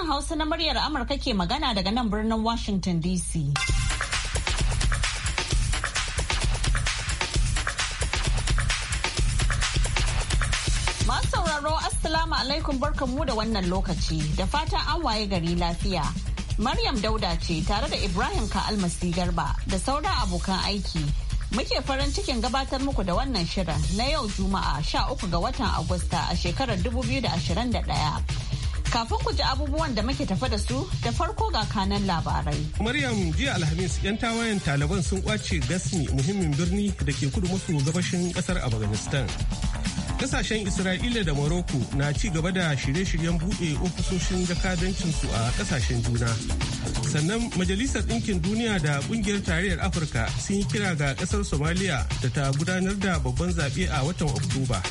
Sashen Hausa na muryar Amurka ke magana daga nan birnin Washington DC. Masu sauraro Assalamu alaikum barkanmu da wannan lokaci da fatan an waye gari lafiya. Maryam Dauda ce tare da Ibrahim Ka'almasi Garba da sauran abokan aiki. Muke farin cikin gabatar muku da wannan shirin na yau Juma'a 13 ga watan Agusta a shekarar 2021. Kafin ku ji abubuwan da muke tafa da su da farko ga kanan labarai. Maryam jiya Alhamis 'yan tawayen taliban sun kwace gasmi muhimmin birni da ke kudu maso gabashin kasar Afghanistan. Kasashen Isra'ila da Morocco na ci gaba da shirye-shiryen buɗe ofisoshin jakadancinsu a kasashen juna. Sannan Majalisar Ɗinkin Duniya da Ƙungiyar Tarayyar Afirka sun yi kira ga ƙasar Somalia da ta gudanar da babban zaɓe a watan Oktoba.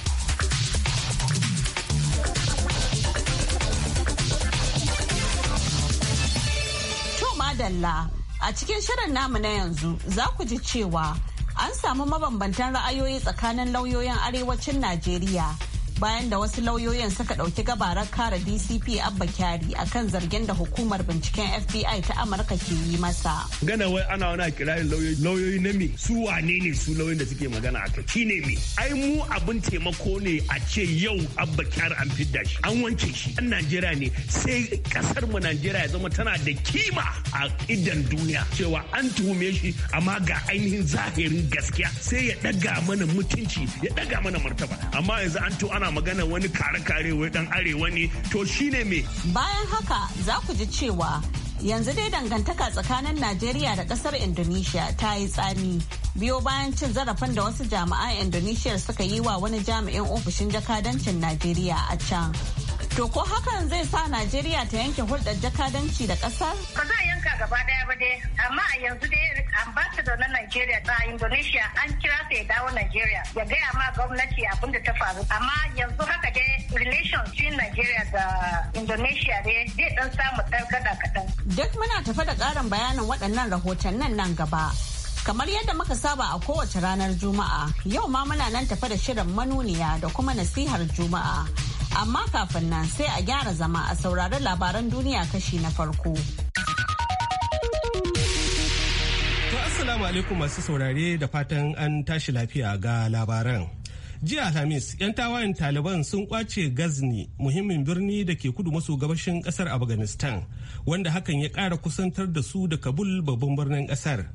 madalla a cikin shirin namu na yanzu za ku ji cewa an samu mabambantan ra'ayoyi tsakanin lauyoyin arewacin najeriya bayan da wasu lauyoyin suka ɗauki gabarar kare dcp abba kyari akan zargin da hukumar binciken fbi ta amurka ke yi masa gana wai ana wani kirayin lauyoyi na me su wane ne su lauyoyin da suke magana akai ki ne me ai mu abin taimako ne a ce yau abba kyari an fidda shi an wanke shi an najeriya ne sai kasar mu najeriya ya zama tana da kima a idan duniya cewa an tuhume shi amma ga ainihin zahirin gaskiya sai ya daga mana mutunci ya daga mana martaba amma yanzu an to ana magana wani kare-kare wai dan arewa ne to shine me bayan haka za ku ji cewa yanzu dai dangantaka tsakanin najeriya da kasar indonesia ta yi tsami biyo bayan cin zarafin da wasu jami'an indonesia suka yi wa wani jami'in ofishin jakadancin najeriya a can To ko hakan zai sa Najeriya ta yanke hulɗar jakadanci da ƙasar? Ba za a yanka gaba ɗaya ba dai, amma a yanzu dai ambassador na Najeriya ta Indonesia an kira sa ya dawo Najeriya ya gaya ma gwamnati abin da ta faru. Amma yanzu haka dai relation between Najeriya da Indonesia dai zai ɗan samu targada kaɗan. Duk muna tafe da ƙarin bayanin waɗannan rahoton nan gaba. Kamar yadda muka saba a kowace ranar Juma'a, yau ma muna nan tafe da shirin manuniya da kuma nasihar Juma'a. Amma kafin nan sai a gyara zama a saurari labaran duniya kashi na farko. To Assalamu alaikum masu saurare da fatan an tashi lafiya ga labaran. jiya alhamis 'yan tawayen taliban sun kwace gazni muhimmin birni da ke kudu maso gabashin kasar afghanistan wanda hakan ya ƙara kusantar da su da kabul babban birnin ƙasar.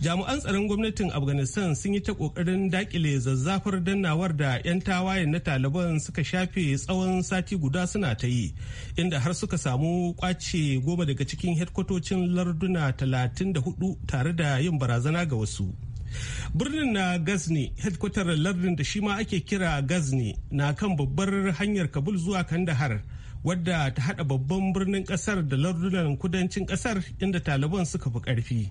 jami'an tsaron gwamnatin afghanistan sun yi ta kokarin dakile zazzafar dannawar da 'yan tawayen na taliban suka shafe tsawon sati guda suna ta yi inda har suka samu kwace goma daga cikin hedkwatocin larduna 34 tare da yin barazana ga wasu birnin na gazni hedkwatar lardin da shi ma ake kira gazni na kan babbar hanyar kabul zuwa kandahar wadda ta hada babban birnin kasar da lardunan kudancin kasar inda taliban suka fi karfi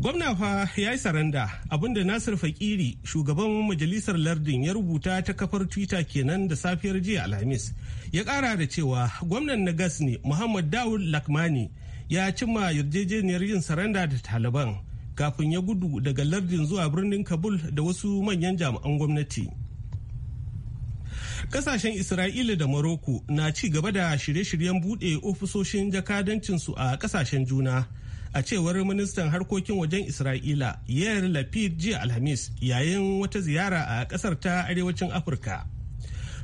gwamna fa ya yi saranda abinda nasir fakiri shugaban majalisar lardin ya rubuta ta kafar twitter kenan da safiyar jiya alhamis ya kara da cewa gwamnan na gas ne muhammad dawud lakmani ya cimma yarjejeniyar yin saranda da taliban kafin ya gudu daga lardin zuwa birnin kabul da wasu manyan jami'an gwamnati kasashen isra'ila da morocco na ci gaba da shirye-shiryen buɗe ofisoshin jakadancinsu a kasashen juna a cewar ministan harkokin wajen isra'ila yair lapid jiya alhamis yayin wata ziyara a kasar ta arewacin afirka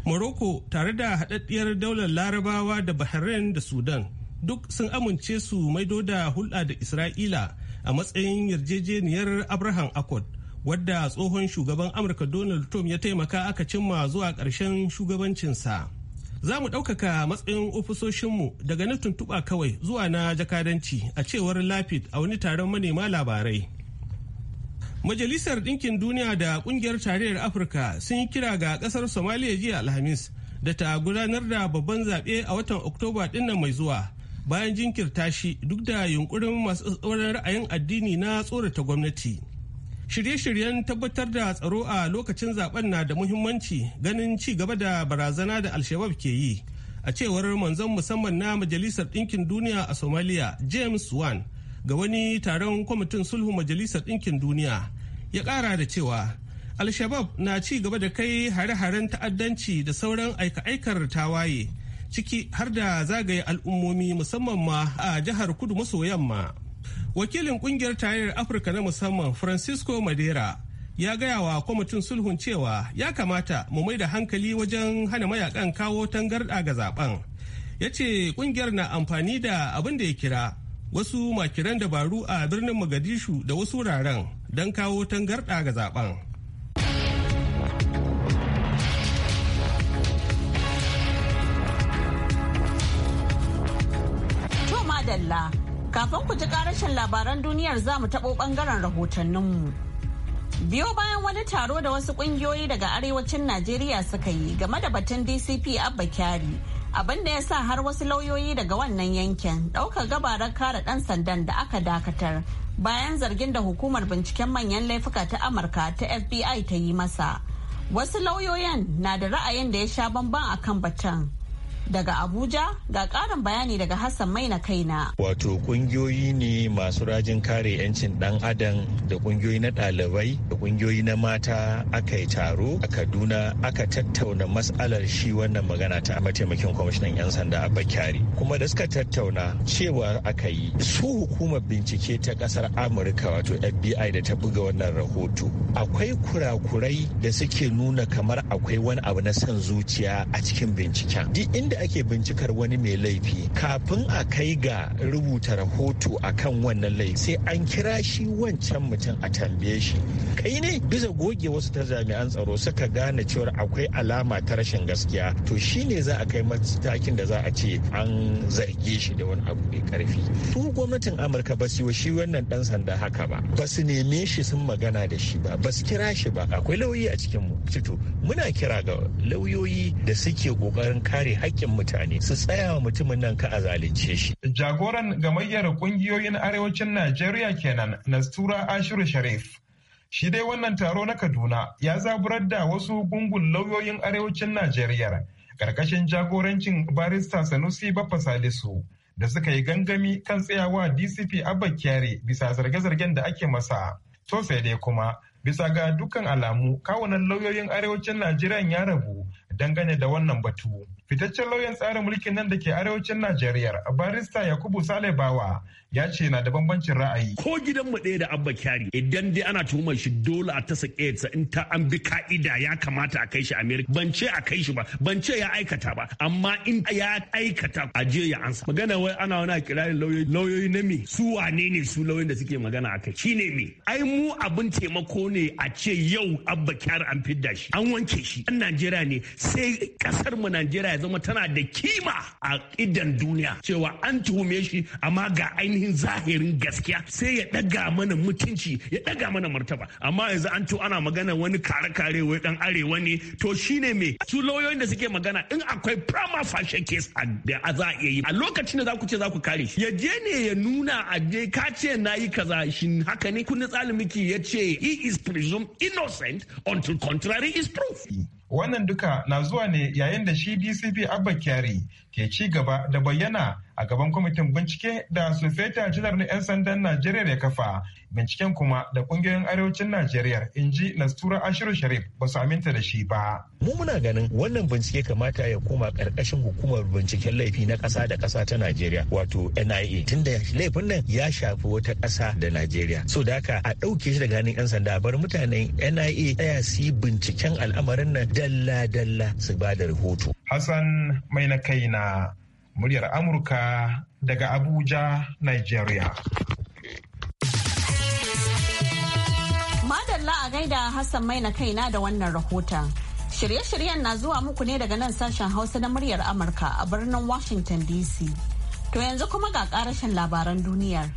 morocco tare da haɗaɗɗiyar daular larabawa da bahrain da sudan duk sun amince su maido da hulɗa da isra'ila a matsayin yarjejeniyar abraham accord wadda tsohon shugaban amurka donald trump ya taimaka aka cimma zuwa ƙarshen shugabancinsa za mu ɗaukaka matsayin ofisoshinmu daga na tuntuɓa kawai zuwa na jakadanci a cewar lafit a wani taron manema labarai majalisar ɗinkin duniya da ƙungiyar tarayyar afirka sun yi kira ga ƙasar somaliya jiya alhamis da ta gudanar da babban zaɓe a watan oktoba ɗinnan mai zuwa bayan jinkirta shi duk da yunkurin masu tsoron ra'ayin addini na tsorata gwamnati. Shirye-shiryen tabbatar da tsaro a lokacin zaben na da muhimmanci ganin ci gaba da barazana da Alshabab ke yi. A cewar manzon musamman na Majalisar Ɗinkin Duniya a Somalia, James Wan, ga wani taron kwamitin sulhu Majalisar Ɗinkin Duniya, ya ƙara da cewa Alshabab na ci gaba da kai hare-haren ta'addanci da sauran aika-aikar tawaye, ciki har da zagaye al'ummomi musamman ma a jihar kudu maso yamma. wakilin kungiyar tarayyar afirka na musamman francisco madera ya gaya wa kwamitin sulhun cewa ya kamata mu mai da hankali wajen hana mayakan kawo tangarɗa ga zaben ya ce kungiyar na amfani da abin da ya kira wasu makiran dabaru a birnin mogadishu da wasu wuraren don kawo tangarɗa ga zaben Kafin ku ji karashin labaran duniyar za mu taɓo ɓangaren rahotanninmu. Biyo bayan wani taro da wasu ƙungiyoyi daga arewacin Najeriya suka yi game da batun DCP Abba Kyari, abin da ya sa har wasu lauyoyi daga wannan yankin ɗaukar gabarar kare ɗan sandan da aka dakatar bayan zargin da hukumar binciken manyan laifuka ta Amurka ta FBI ta yi masa. Wasu lauyoyin na da ra'ayin da ya sha bamban akan batun. Daga Abuja ga ƙarin bayani daga Hassan mai Maina Kaina. Wato ƙungiyoyi ne masu rajin kare 'yancin ɗan adam da ƙungiyoyi na ɗalibai da ƙungiyoyi na mata aka yi taro a Kaduna aka tattauna matsalar shi wannan magana ta mataimakin kwamishinan 'yan sanda a Bakari. Kuma da suka tattauna cewa aka yi su hukumar bincike ta ƙasar Amurka wato FBI da ta buga wannan rahoto. Akwai kurakurai da suke nuna kamar akwai wani abu na son zuciya a cikin binciken. Duk inda yadda ake bincikar wani mai laifi kafin a kai ga rubuta rahoto a kan wannan laifi sai an kira shi wancan mutum a tambaye shi kai ne bisa goge wasu ta jami'an tsaro suka gane cewar akwai alama ta rashin gaskiya to shi ne za a kai matakin da za a ce an zarge shi da wani abu mai karfi su gwamnatin amurka ba su shi wannan dan sanda haka ba ba su neme shi sun magana da shi ba ba su kira shi ba akwai lauyoyi a cikin mu muna kira ga lauyoyi da suke kokarin kare haƙƙin haƙƙin mutane su tsaya wa mutumin nan ka a zalunce shi. Jagoran gamayyar ƙungiyoyin arewacin Najeriya kenan Nastura Ashiru Sharif. Shi dai wannan taro na Kaduna ya zaburar da wasu gungun lauyoyin arewacin Najeriya ƙarƙashin jagorancin barista Sanusi Baffa Salisu da suka yi gangami kan tsayawa DCP Abba Kyari bisa zarge-zargen da ake masa. To sai dai kuma bisa ga dukkan alamu kawunan lauyoyin arewacin Najeriya ya rabu dangane da wannan batu. Fitaccen lauyan tsarin mulkin nan da ke arewacin Najeriya, barista Yakubu Sale Bawa ya ce na da bambancin ra'ayi. Ko gidan mu ɗaya da Abba Kyari idan dai ana tuhumar shi dole a tasa ƙetsa in ta an bi ka'ida ya kamata a kai shi Amerika. Ban ce a kai shi ba, ban ce ya aikata ba, amma in ya aikata a je ya ansa. Magana wai ana wani kirarin lauyoyi lauyoyi na me su wane ne su lauyoyin da suke magana a kai shi ne me. Ai mu abin taimako ne a ce yau Abba Kyari an fidda shi an wanke shi. Ɗan Najeriya ne sai ƙasar mu Najeriya ya zama tana da kima a idan duniya cewa an tuhume shi amma ga ainihin zahirin gaskiya sai ya daga mana mutunci ya daga mana martaba amma yanzu an to ana magana wani kare kare wai dan arewa ne to shine me su lauyoyin da suke magana in akwai prima facie case da za a yi a lokacin da za ku ce za ku kare shi ya je ne ya nuna a je ka ce na yi kaza shi haka ne kun tsalimiki ya ce he is presumed innocent until contrary is proof Wannan duka na zuwa ne yayin da shi DCP Abba Kyari ke ci gaba da bayyana a gaban kwamitin bincike da sufeta janar na 'yan sandan najeriya ya kafa binciken kuma da kungiyoyin arewacin najeriya in ji nastura ashiru sharif ba su aminta da shi ba mu muna ganin wannan bincike kamata ya koma karkashin hukumar binciken laifi na kasa da kasa ta najeriya wato nia tunda laifin nan ya shafi wata kasa da najeriya so da haka a ɗauke shi da hannun 'yan sanda bar mutanen nia tsaya su yi binciken al'amarin nan dalla-dalla su ba da rahoto hassan mai na kaina muryar Amurka daga Abuja, Nigeria. Madalla a gaida Hassan mai Maina kaina da wannan rahoton. Shirye-shiryen na zuwa muku ne daga nan sashen Hausa na muryar Amurka a birnin Washington DC. To yanzu kuma ga karashin labaran duniyar.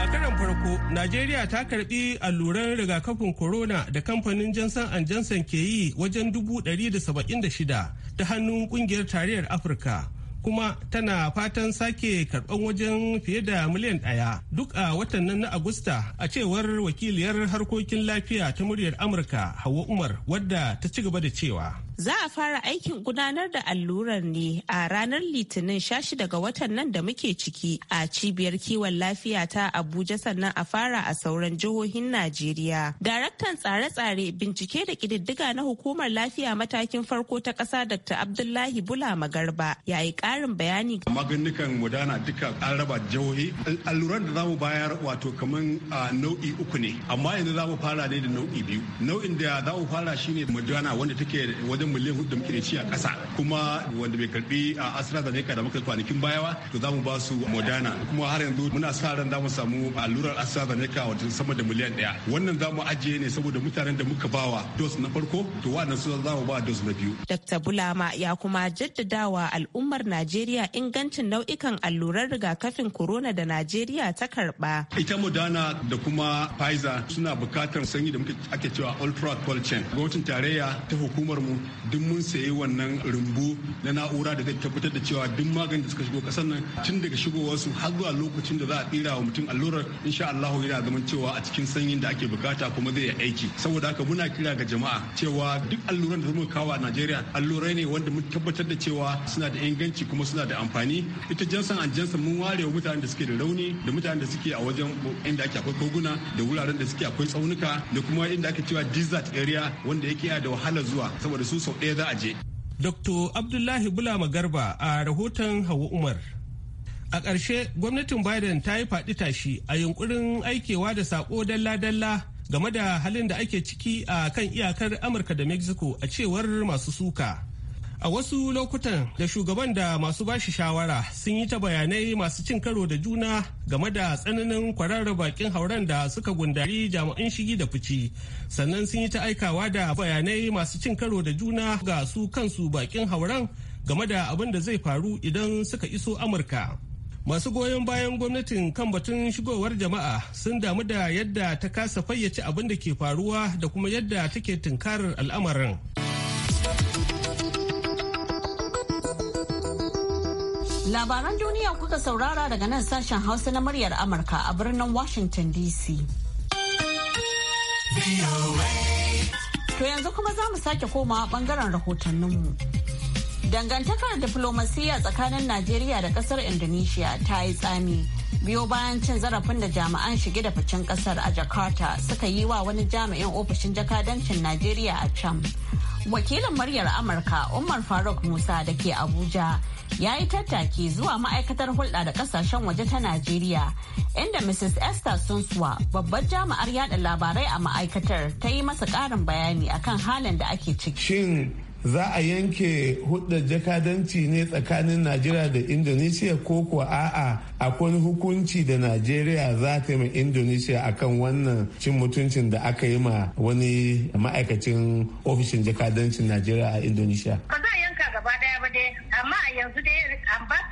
A karan farko, Najeriya ta karbi allurar rigakafin corona da kamfanin and Jansan ke yi wajen dubu da saba'in shida ta hannun kungiyar tarayyar afirka kuma tana fatan sake karɓan wajen fiye da miliyan ɗaya duk a watan nan na agusta a cewar wakiliyar harkokin lafiya ta muryar amurka hawa umar wadda ta ci gaba da cewa Za a fara aikin gudanar da allurar ne a ranar Litinin 16 ga watan nan da muke ciki a cibiyar kiwon lafiya ta Abuja sannan a fara a sauran jihohin Najeriya. Daraktan tsare-tsare bincike da ƙididdiga na hukumar lafiya matakin farko ta ƙasa Dr. Abdullahi Bula Magarba ya yi ƙarin bayani. maganikan gudana duka an raba jihohi. Alluran da za mu bayar wato kamar nau'i uku ne amma yanzu za mu fara ne da nau'i biyu. Nau'in da za mu fara shine Moderna wanda take wajen adadin miliyan hudu da muke da shi a kasa kuma wanda bai karbi a AstraZeneca da muka kwanakin baya ba to za mu ba su Moderna kuma har yanzu muna sa ran za mu samu allurar AstraZeneca wajen sama da miliyan ɗaya wannan za mu ajiye ne saboda mutanen da muka bawa dos na farko to wannan su za mu ba dos na biyu. Dr. Bulama ya kuma jaddadawa al'ummar Najeriya ingancin nau'ikan allurar rigakafin corona da Najeriya ta karba. Ita Moderna da kuma Pfizer suna bukatar sanyi da muke ake cewa ultra cold chain. Gwamnatin tarayya ta hukumar mu duk mun sayi wannan rumbu na na'ura da zai tabbatar da cewa duk maganin da suka shigo kasar nan tun daga shigowarsu har zuwa lokacin da za a tsira wa mutum allurar insha Allah yana zaman cewa a cikin sanyin da ake bukata kuma zai yi aiki saboda haka muna kira ga jama'a cewa duk alluran da muka kawo a Najeriya allurai ne wanda mun tabbatar da cewa suna da inganci kuma suna da amfani ita jansan an jansan mun ware mutanen da suke da rauni da mutanen da suke a wajen inda ake akwai koguna da wuraren da suke akwai tsaunuka da kuma inda ake cewa desert area wanda yake da wahala zuwa saboda su sau ɗaya za a je. Dr. Abdullahi Bulama Garba a rahoton Hawa Umar. A ƙarshe gwamnatin Biden ta yi faɗi tashi a yunkurin aikewa da saƙo dalla-dalla game da halin da ake ciki a kan iyakar Amurka da Mexico a cewar masu suka. A wasu lokutan da shugaban da masu bashi shawara sun yi ta bayanai masu cin karo da juna game da tsananin kwararar bakin hauren da suka gundari jami'an shigi da fice Sannan sun yi ta aikawa da bayanai masu cin karo da juna ga su kansu bakin hauren game da abin da zai faru idan suka iso Amurka. Masu goyon bayan gwamnatin kan batun shigowar jama'a sun damu da yadda ta kasa fayyace abin da ke faruwa da kuma yadda take tunkarar al'amarin. Labaran duniya kuka saurara daga nan sashen Hausa na muryar Amurka a birnin Washington DC. To yanzu kuma za mu sake komawa bangaren rahotanninmu. Dangantakar diflomasiyya tsakanin Najeriya da kasar Indonesia ta yi tsami. Biyo bayan cin zarafin da jami'an shige da ficen kasar a Jakarta suka yi wa wani jami'in ofishin jakadancin Najeriya a can. wakilin muryar amurka umar faruk musa da ke abuja ya yi tattaki zuwa ma'aikatar hulɗa da ƙasashen waje ta najeriya inda mrs esther sunsuwa babbar jami'ar yada labarai a ma'aikatar ta yi masa ƙarin bayani akan halin da ake ciki shin za a yanke hudda jakadanci ne tsakanin najeriya da indonesia ko kuwa a'a akwai hukunci da najeriya za ta yi indonesia akan wannan cin mutuncin da aka yi ma wani ma'aikacin ofishin jakadancin najeriya a indonesia ba za a yanka gaba daya ba dai amma a yanzu dai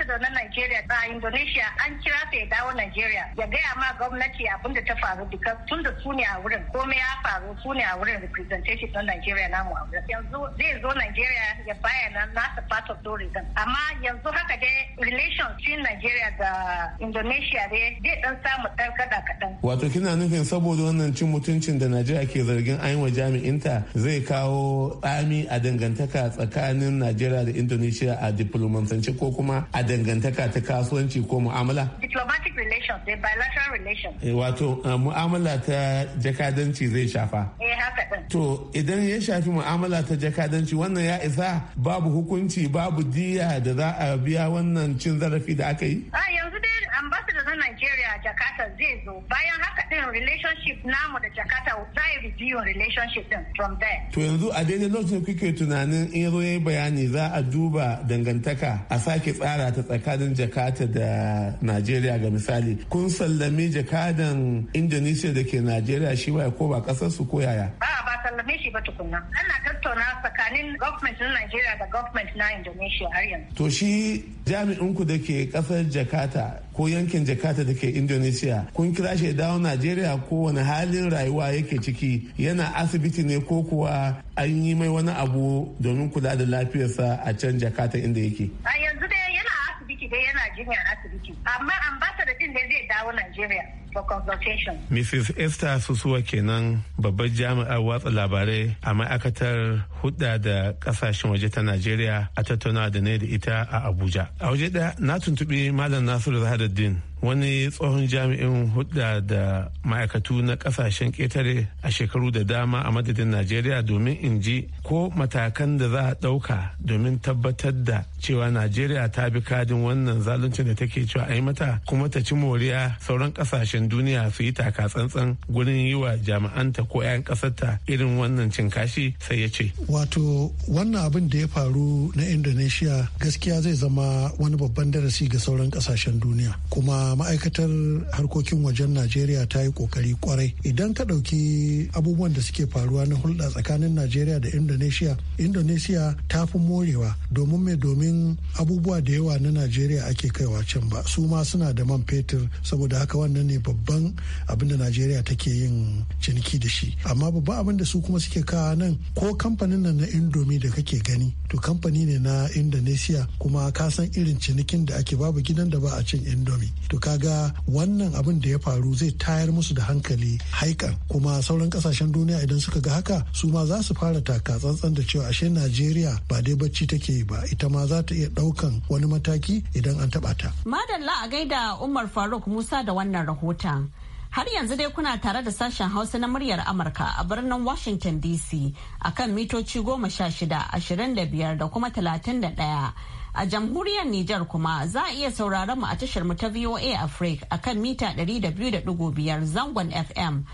ta na Najeriya ta Indonesia an kira ta ya dawo Najeriya ya gaya ma gwamnati abin da ta faru duka tun da su ne a wurin komai ya faru su ne a wurin representation na Najeriya na a yanzu zai zo Najeriya ya bayyana nasa part of tourism amma yanzu haka dai relation between Najeriya da Indonesia dai zai dan samu targada kaɗan. Wato kina nufin saboda wannan cin mutuncin da Najeriya ke zargin an yi wa jami'inta zai kawo tsami a dangantaka tsakanin Najeriya da Indonesia a diplomatance ko kuma a dangantaka ta kasuwanci ko mu'amala? Diplomatic relations, the eh, bilateral relations. Eh, wato eh, mu'amala ta jakadanci zai shafa. Eh, haka ɗin. To idan ya shafi mu'amala ta jakadanci wannan ya isa babu hukunci babu diya da za a biya wannan cin zarafi da aka yi? Ah, yanzu dai ambassador na Najeriya Jakarta zai zo bayan haka din relationship namu da Jakarta zai review relationship din from there. To yanzu a daidai lokacin kuke tunanin in ya yayi bayani za a duba dangantaka a sake tsara ta tsakanin Jakarta da Najeriya ga misali kun sallame jakadan Indonesia da ke Najeriya shi ba ko ba kasar su ko yaya? Ba ba sallame shi ba tukunna ana tattauna tsakanin government na Najeriya da government na Indonesia har yanzu to shi jami'in ku da ke kasar Jakarta ko yankin Jakarta da ke Indonesia kun kira shi dawo Najeriya ko wani halin rayuwa yake ciki yana asibiti ne ko kuwa an yi mai wani abu domin kula da lafiyarsa a can Jakarta inda yake a yanzu dai yana asibiti dai yana jinya asibiti amma ambassador din da zai dawo Najeriya for consultation. Mrs. Esther Susuwa kenan babbar jami'ar watsa labarai a ma'aikatar hudda da kasashen waje ta Najeriya a tattauna da ne da ita a Abuja. A waje ɗaya na tuntuɓi Malam Nasiru Zahadaddin wani tsohon jami'in hudda da ma'aikatu na kasashen ƙetare a shekaru da dama a madadin Najeriya domin in ji ko matakan da za a ɗauka domin tabbatar da cewa Najeriya ta bi kadin wannan zaluncin da take cewa a yi mata kuma ta ci moriya sauran kasashen kasashen duniya su yi taka tsantsan gurin yi wa jami'anta ko 'yan ƙasarta irin wannan cin kashi sai ya ce. Wato wannan abin da ya faru na indonesiya gaskiya zai zama wani babban darasi ga sauran ƙasashen duniya. Kuma ma'aikatar harkokin wajen Najeriya ta yi kokari kwarai. Idan ka ɗauki abubuwan da suke faruwa na hulɗa tsakanin Najeriya da indonesiya indonesiya ta fi morewa domin mai domin abubuwa da yawa na Najeriya ake kaiwa can ba. Su ma suna da man fetur saboda haka wannan ne babban abin da najeriya take yin ciniki da shi amma babban abin da su kuma suke kawo nan ko kamfanin nan na indomie da kake gani to kamfani ne na indonesia kuma ka san irin cinikin da ake babu gidan da ba a cin indomi to kaga wannan abin da ya faru zai tayar musu da hankali haikan kuma sauran kasashen duniya idan suka ga haka su ma za su fara taka tsantsan da cewa ashe najeriya ba dai bacci take ba ita ma za ta iya daukan wani mataki idan an taba ta madalla a gaida umar faruk musa da wannan rahoton Har yanzu dai kuna tare da sashen Hausa na muryar Amurka a birnin Washington DC a kan mitoci goma sha shida, ashirin da biyar da kuma talatin da ɗaya. A jamhuriyar Nijar kuma za a iya sauraron mu a tashar mu ta VOA Africa kan mita ɗari da da biyu biyar zangon FM.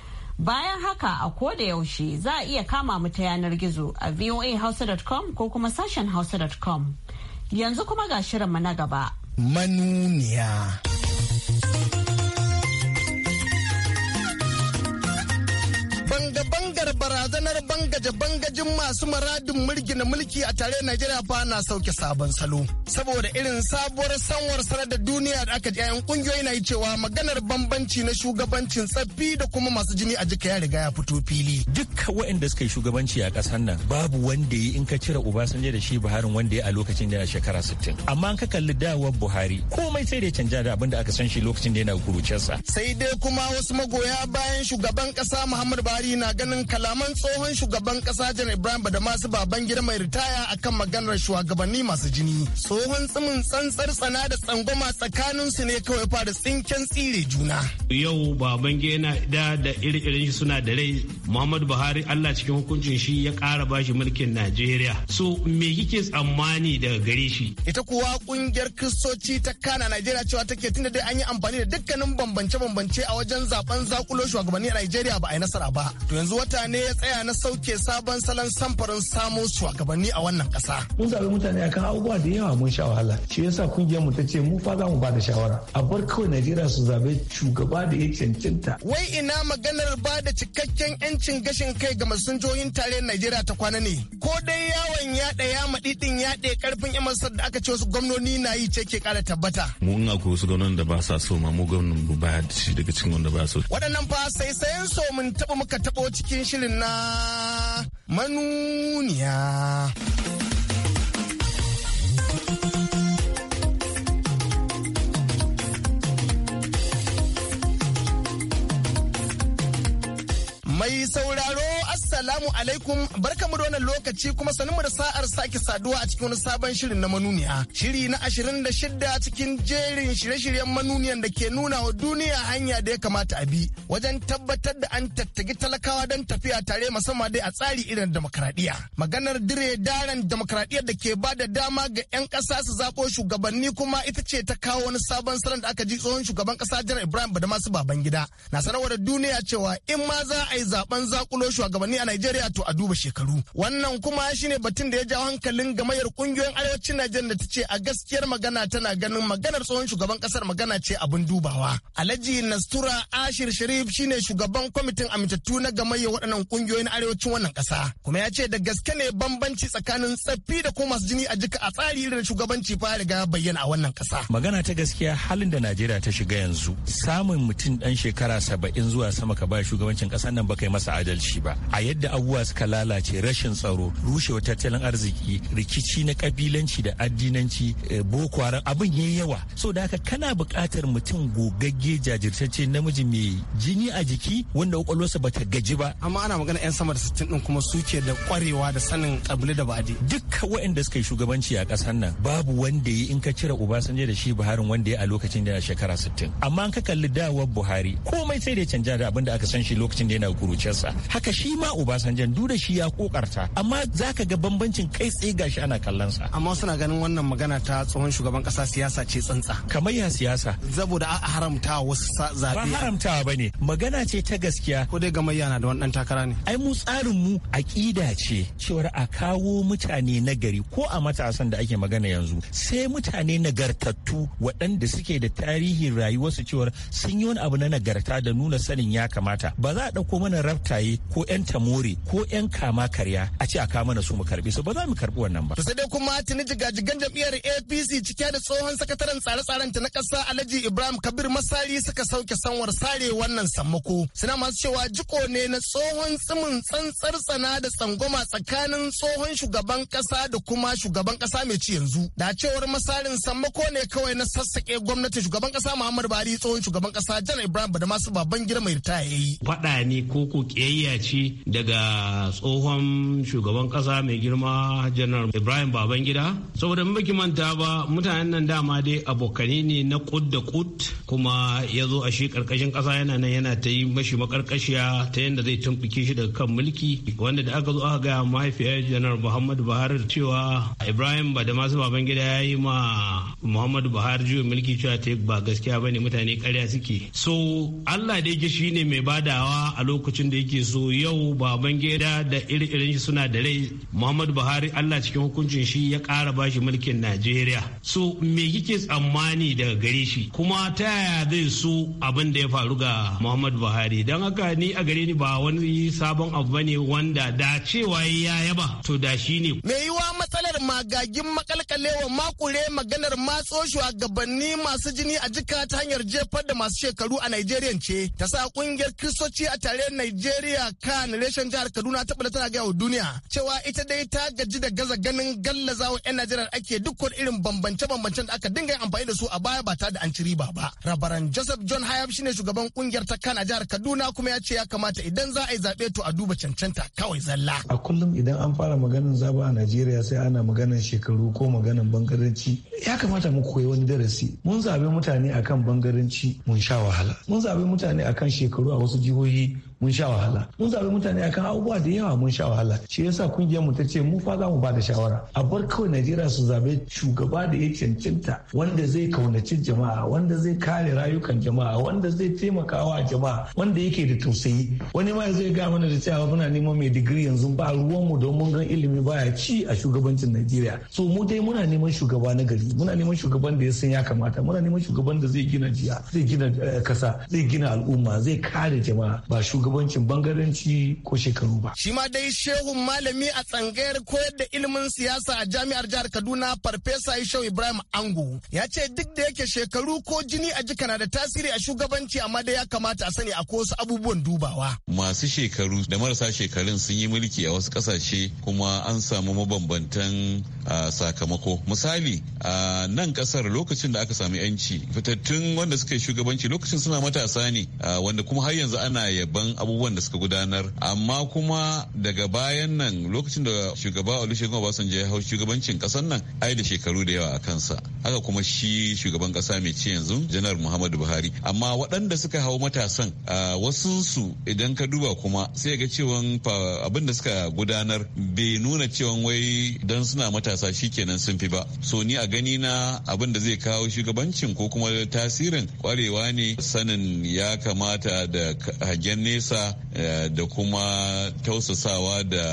Bayan haka a koda yaushe za a iya kama mu ta yanar gizo a voahausa.com ko kuma sashen hausa.com. Yanzu kuma ga shirin mu na gaba. Manuniya. Bye. zanga-bangar barazanar bangaje bangajin masu maradin na mulki a tare Najeriya fa na sauke sabon salo. Saboda irin sabuwar sanwar sanar da duniya da aka ji yayan kungiyoyi na cewa maganar bambanci na shugabancin tsaffi da kuma masu jini a jika ya riga ya fito fili. Duk waɗanda suka yi shugabanci a ƙasar nan babu wanda ya in ka cire Obasanjo da shi Buhari wanda ya a lokacin da yana shekara 60. Amma ka kalli dawar Buhari komai sai da canja da abin da aka san shi lokacin da yana kurucensa. Sai dai kuma wasu magoya bayan shugaban ƙasa Muhammadu Buhari na ganin kalaman tsohon shugaban kasa jan Ibrahim masu baban gida mai ritaya akan maganar shugabanni masu jini. Tsohon tsimin tsantsar tsana da tsangwama tsakanin su ne kawai fara tsinken tsire juna. Yau Babangida yana da da iri-irin shi suna da rai Muhammadu Buhari Allah cikin hukuncin shi ya kara bashi mulkin Najeriya. So me kike tsammani daga gare shi? Ita kuwa kungiyar Kristoci ta Kana Najeriya cewa take tunda dai an yi amfani da dukkanin bambance-bambance a wajen zaben zakulo shugabanni a Najeriya ba a yi nasara ba. to yanzu wata ne ya tsaya na sauke sabon salon samfarin samun shugabanni a wannan kasa mun zaɓi mutane akan abubuwa da yawa mun sha wahala shi yasa kungiyar mu ta ce mu fa za mu ba da shawara a bar kawai najeriya su zaɓi shugaba da ya cancanta wai ina maganar ba da cikakken yancin gashin kai ga masunjoyin tare najeriya ta kwana ne ko dai yawon yaɗa ya maɗiɗin yaɗe karfin yan masar da aka ce wasu gwamnoni na yi ce ke ƙara tabbata mu in ko wasu gwamnoni da ba sa so ma mu gwamnan mu baya da shi daga cikin wanda ba so waɗannan fa sai sayan so mun taɓa muka taɓa laɓo cikin shirin na manuniya. Mai sauraro Assalamu alaikum barkamu da wannan lokaci kuma sanin da sa'ar sake saduwa a cikin wani sabon shirin na manuniya. Shiri na ashirin da shidda cikin jerin shirye-shiryen manuniyan da ke nuna wa duniya hanya da ya kamata a bi wajen tabbatar da an tattagi talakawa don tafiya tare musamman dai a tsari irin demokradiyya. Maganar dire daren demokradiyyar da ke ba da dama ga 'yan ƙasa su zako shugabanni kuma ita ce ta kawo wani sabon salon da aka ji tsohon shugaban ƙasa jiran Ibrahim baban gida Na sanarwar duniya cewa in ma za a yi zaben zakulo shugabanni a Najeriya to a duba shekaru. Wannan kuma shine batun da ya jawo hankalin gamayar kungiyoyin arewacin Najeriya da ta ce a gaskiyar magana tana ganin maganar tsohon shugaban kasar magana ce abin dubawa. Alhaji Nastura Ashir Sharif shine shugaban kwamitin amintattu na gamayyar waɗannan kungiyoyin arewacin wannan ƙasa. Kuma ya ce da gaske ne bambanci tsakanin tsaffi da kuma masu jini a jika a tsari da shugabanci fa riga bayyana a wannan ƙasa. Magana ta gaskiya halin da Najeriya ta shiga yanzu samun mutum ɗan shekara saba'in zuwa sama ka ba shugabancin ƙasar nan ba kai masa adalci ba. A yadda abubuwa suka lalace rashin tsaro rushewa tattalin arziki rikici na kabilanci da addinanci eh, boko haram abin yayi yawa so da haka kana buƙatar mutum gogagge jajirtacce namiji mai jini a jiki wanda kwakwalwarsa bata gaji ba amma ana magana yan sama da sittin din kuma suke da kwarewa da sanin kabili da ba'adi dukkan waɗanda suka yi shugabanci a ƙasar nan babu wanda ya in ka cire Obasanjo da shi Buhari wanda ya a lokacin da shekara sittin amma an ka kalli dawar Buhari komai sai da canja da abin da aka san shi lokacin da yana kuruciyarsa haka shi ma Obasanjan duk da shi ya kokarta amma zaka ga bambancin kai tsaye gashi ana kallon sa amma suna ganin wannan magana ta tsohon shugaban kasa siyasa ce tsantsa kamar ya siyasa saboda a haramta wasu zabe ba haramtawa bane magana ce ta gaskiya ko dai gamayya na da wannan takara ne ai mu tsarin mu aƙida ce cewar a kawo mutane na gari ko a matasan da ake magana yanzu sai mutane nagartattu waɗanda suke da tarihin rayuwarsu cewar sun yi wani abu na nagarta da nuna sanin ya kamata ba za a ɗauko mana raftaye ko 'yan tamu more ko 'yan kama karya a ce a kama na su mu karbe su ba za mu karbi wannan ba. sai dai kuma tuni jigajigan jam'iyyar apc cike da tsohon sakataren tsare-tsaren ta na ƙasa alhaji ibrahim kabir masari suka sauke sanwar sare wannan sammako suna masu cewa jiko ne na tsohon tsimin tsantsar sana da tsangwama tsakanin tsohon shugaban ƙasa da kuma shugaban ƙasa mai ci yanzu da cewar masarin sammako ne kawai na sassaƙe gwamnatin shugaban ƙasa muhammad buhari tsohon shugaban ƙasa jana ibrahim da masu baban gida mai ritaya ya yi. faɗa ne ko ko ƙiyayya ce da daga tsohon shugaban kasa mai girma janar ibrahim babangida saboda baki manta ba mutanen nan dama dai abokane ne na kud da kud kuma ya zo a shi karkashin kasa yana nan yana ta yi mashi makarkashiya ta yadda zai tumbuke shi daga kan mulki wanda da aka zo aka gaya mahaifiyar janar muhammadu buhari cewa ibrahim ba da masu babangida ya yi ma muhammadu buhari juyin mulki cewa ta ba gaskiya ba ne mutane karya suke so allah dai shi ne mai badawa a lokacin da yake so yau Baban gida da iri-irin shi suna da rai Muhammadu Buhari Allah cikin hukuncin shi ya kara bashi mulkin Najeriya. So me kike tsammani daga gare shi kuma ta yaya zai so abin da ya faru ga Muhammadu Buhari don haka ni a gare ni ba wani sabon abu bane wanda da cewa ya yaba to da shi ne. Me yiwa matsalar magagin makalkalewa makure maganar matso gabanni masu jini a jika ta hanyar jefar da masu shekaru a Najeriya ce ta sa kungiyar Kiristoci a tare Najeriya kan Federation jihar Kaduna ta bada tana gaya wa duniya cewa ita dai ta gaji da gaza ganin gallazawa 'yan Najeriya ake dukkan irin bambance-bambancen da aka dinga amfani da su a baya ba ta da an ci riba ba. Rabaran Joseph John Hayab shine shugaban kungiyar ta kana jihar Kaduna kuma ya ce ya kamata idan za a yi zaɓe to a duba cancanta kawai zalla. A kullum idan an fara maganin zaba a Najeriya sai ana maganin shekaru ko maganin bangaranci. Ya kamata mu koyi wani darasi. Mun zaɓe mutane akan bangaranci mun sha wahala. Mun zaɓe mutane akan shekaru a wasu jihohi mun sha wahala. Mun zaɓe mutane ne akan abubuwa da yawa mun sha wahala shi yasa kungiyar mu ta ce mu fa za mu ba da shawara a bar kawai najeriya su zabe shugaba da ya cancanta wanda zai kaunaci jama'a wanda zai kare rayukan jama'a wanda zai wa jama'a wanda yake da tausayi wani ma zai ga mana da cewa muna neman mai digiri yanzu ba ruwan mu mun ga ilimi baya ci a shugabancin najeriya so mu dai muna neman shugaba na gari muna neman shugaban da ya san ya kamata muna neman shugaban da zai gina jiya zai gina eh, kasa zai gina al'umma zai kare jama'a ba shugabancin bangaranci ko shekaru ba. Shi ma dai shehun malami a tsangayar koyar da ilimin siyasa a jami'ar jihar Kaduna Farfesa Ishau Ibrahim Angu ya ce duk da yake shekaru ko jini a jika na da tasiri a shugabanci amma dai ya kamata a sani akwai wasu abubuwan dubawa. Masu shekaru da marasa shekarun sun yi mulki a wasu kasashe kuma an samu mabambantan sakamako. Misali a nan kasar lokacin da aka samu yanci fitattun wanda suka yi shugabanci lokacin suna matasa ne wanda kuma har yanzu ana yaban abubuwan da suka gudanar. amma kuma daga bayan nan lokacin da shugaba olusegun obasanjo ya hau shugabancin kasar nan ai da shekaru da yawa a kansa haka kuma shi shugaban kasa mai ci yanzu janar muhammadu buhari amma waɗanda suka hau matasan wasu su idan ka duba kuma sai ga cewa abin da suka gudanar bai nuna cewa wai dan suna matasa shikenan sun fi ba so ni a gani na abin da zai kawo shugabancin ko kuma tasirin kwarewa ne sanin ya kamata da hagen nesa eh, da kuma tausasawa da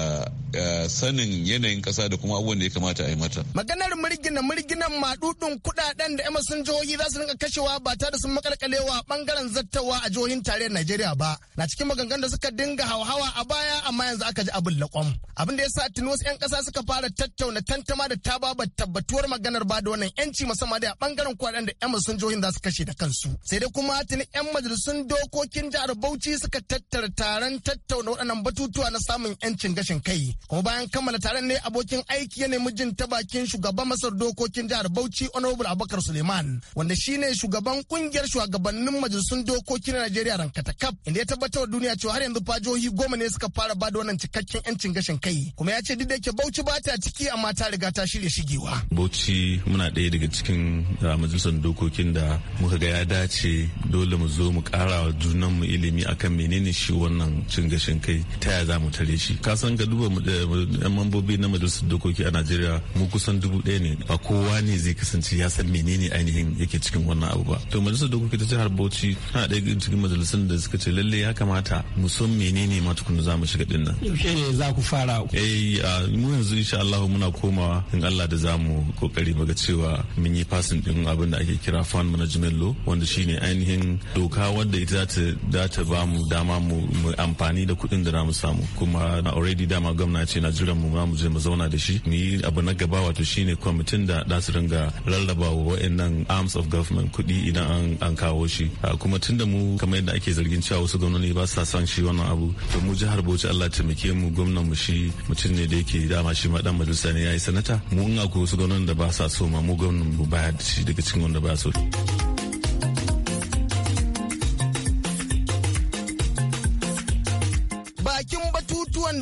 eh, sanin yanayin kasa da kuma abubuwan da ya kamata a yi mata. Maganar mirgina mirginan maɗuɗin kuɗaɗen da yamma sun jihohi za su rinka kashewa ba tare da sun makalkalewa bangaren zattawa a jihohin tarayyar Najeriya ba. Na cikin maganganun da suka dinga hauhawa a baya amma yanzu aka ji abin laƙwam. Abin da ya sa tuni wasu 'yan ƙasa suka fara tattauna tantama da tababar tabbatuwar maganar ba da wannan 'yanci musamman da bangaren kuɗaɗen da yamma sun jihohin za su kashe da kansu. Sai dai kuma tuni 'yan majalisun dokokin jihar Bauchi suka tattara taron tattauna waɗannan batutuwa na samun 'yancin gashin kai. Kuma bayan kammala taron ne abokin aiki ya nemi jin ta bakin shugaban Masar dokokin jihar Bauchi Honorable Abubakar Suleiman wanda shine shugaban kungiyar shugabannin majalisun dokoki na Najeriya rankatakaf inda ya tabbatar wa duniya cewa har yanzu fajohi goma ne suka fara bada wannan cikakken 'yancin gashin kai. Kuma ya ce duk da yake Bauchi ba ta ciki amma ta riga ta shirya shigewa. Bauchi muna ɗaya daga cikin uh, majalisar dokokin da muka ga ya dace dole mu zo mu ƙara wa junanmu ilimi akan menene shi wannan cin gashin kai kai ta yaya za mu tare shi ka san ga duba eh, mambobi na majalisar dokoki a najeriya mu kusan dubu ɗaya ne ba kowa ne zai kasance ya san menene ainihin yake cikin wannan abu ba to majalisar dokoki ta har bauchi tana ɗaya cikin majalisun da suka ce lalle ya kamata mu san menene ma tukunna za mu shiga dinnan yaushe ne za ku fara eh mu yanzu insha Allah muna komawa in Allah da zamu kokari muga cewa mun yi fasin din abin da ake kira fund management law wanda shine ainihin doka wadda ita za ta ba mu dama mu amfani da kuɗin da na mu samu kuma na already dama gwamna ce na jiran mu mu je mu zauna da shi mu yi abu na gaba wato shine kwamitin da da su ringa rarraba wa wayannan arms of government kuɗi idan an an kawo shi ah, kuma tunda mu kamar yadda ake zargin cewa wasu gwamnati ba sa son shi wannan abu to mu jihar Bauchi Allah taimake mu gwamnan mu shi mutum ne da yake dama shi ma dan majalisa ne yayi sanata mu in akwai wasu gwamnati da ba sa so ma mu gwamnan mu baya da shi daga cikin wanda ba so.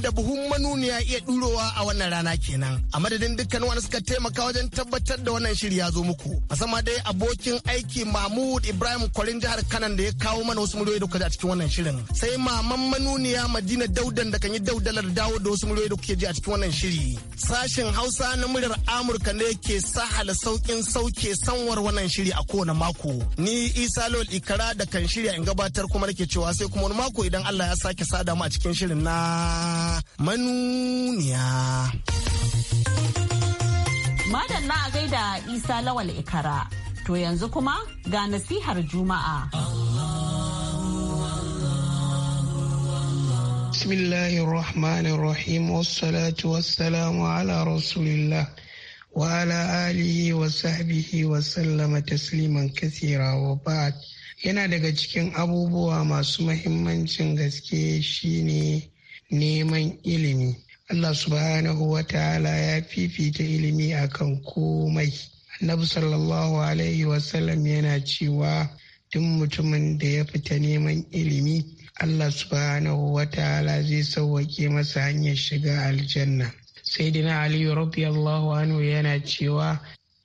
da buhun manuniya iya ɗurowa a wannan rana kenan. A madadin dukkan wani suka taimaka wajen tabbatar da wannan shiri ya zo muku. a Musamman dai abokin aiki Mahmud Ibrahim Kwarin jihar Kanan da ya kawo mana wasu muryoyi da kuka a cikin wannan shirin. Sai maman manuniya Madina Daudan da kan yi daudalar dawo da wasu muryoyi da kuke ji a cikin wannan shiri. Sashen Hausa na muryar Amurka ne ke sahala saukin sauke sanwar wannan shiri a kowane mako. Ni Isa Lol Ikara da kan shirya in gabatar kuma nake cewa sai kuma wani mako idan Allah ya sake sada mu a cikin shirin na manuniya. Madalla a gaida Isa Lawal Ikara, to yanzu kuma ga nasihar Juma'a. Bismillahir Rahmanir Rahim, wassalatu wassalamu ala Rasulillah. wa ala alihi wa sahbihi wa sallama tasliman kasira wa ba'd yana daga cikin abubuwa masu mahimmancin gaske shine neman ilimi Allah subhanahu wa ta'ala ya fifita ilimi akan komai annabi sallallahu alaihi wasallam yana cewa duk mutumin da ya fita neman ilimi Allah subhanahu wa ta'ala zai sauwake masa hanyar shiga aljanna saidina aliyu radiyallahu anhu yana cewa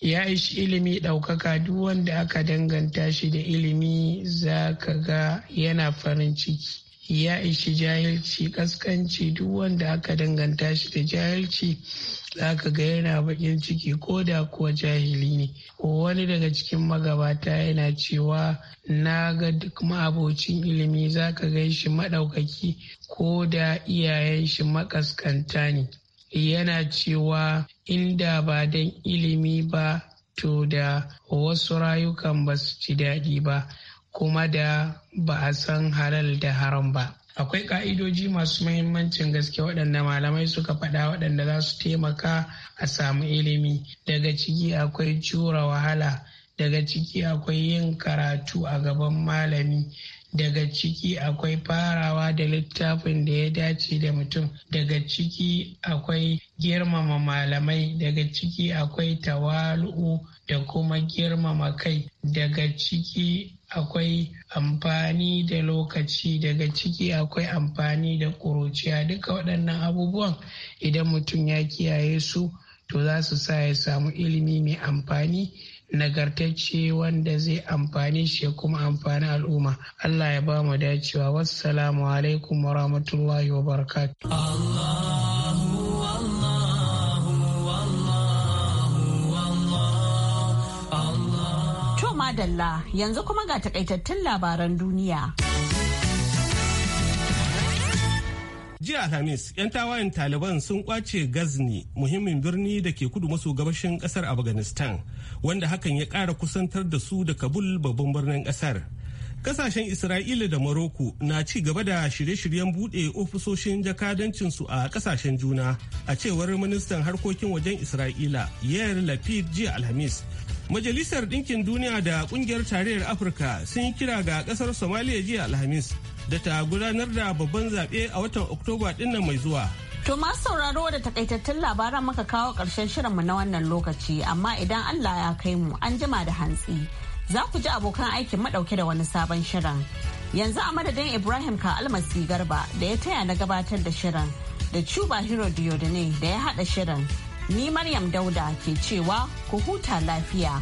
ya ishi ilimi ɗaukaka duk wanda aka danganta shi da ilimi za ka ga yana farin ciki ya ishi jahilci kaskanci duk wanda aka danganta shi da jahilci zaka ga yana bakin ciki ko da kuwa jahili ne wani daga cikin magabata yana cewa na ga duk ma'abocin ilimi zaka gan shi maɗaukaki ko da iyayen shi makaskanta ne yana cewa inda ba don ilimi ba to da wasu rayukan ba su ci daɗi ba kuma da ba a san halal da haram ba akwai ka'idoji masu mahimmancin gaske waɗanda malamai suka faɗa waɗanda za su taimaka a samu ilimi daga ciki akwai jura wahala daga ciki akwai yin karatu a gaban malami daga ciki akwai farawa da littafin da ya dace da mutum daga ciki akwai girmama malamai daga ciki akwai tawalu'u da kuma girmama kai daga ciki akwai amfani da lokaci daga ciki akwai amfani da ƙuruciya duka waɗannan abubuwan idan mutum ya kiyaye su to za su sa ya samu ilimi mai amfani nagartacce wanda zai amfani shi ya kuma amfani al'umma Allah ya ba mu dacewa wassalamu alaikum wa rahmatullahi wa barakatuh madalla yanzu kuma ga takaitattun labaran duniya. jiya alhamis 'yan tawayen taliban sun kwace gazni muhimmin birni da ke kudu maso gabashin kasar afghanistan wanda hakan ya kara kusantar da su da kabul babban birnin kasar kasashen isra'ila da maroko na ci gaba da shirye-shiryen buɗe ofisoshin jakadancinsu a kasashen juna a cewar ministan harkokin wajen isra'ila yair lapid jiya alhamis majalisar ɗinkin duniya da ƙungiyar tarayyar afirka sun yi kira ga ƙasar somaliya jiya alhamis da ta gudanar da babban zaɓe a watan Oktoba ɗinnan mai zuwa. To masu sauraro da takaitattun labaran muka kawo ƙarshen mu na wannan lokaci amma idan Allah ya kai mu an jima da hantsi za ku ji abokan aikin mu madauke da wani sabon shirin. Yanzu a madadin Ibrahim ka almasi garba da ya taya na gabatar da shirin da Chuba Hero Diodone da ya haɗa shirin. Ni Maryam Dauda ke cewa ku huta lafiya.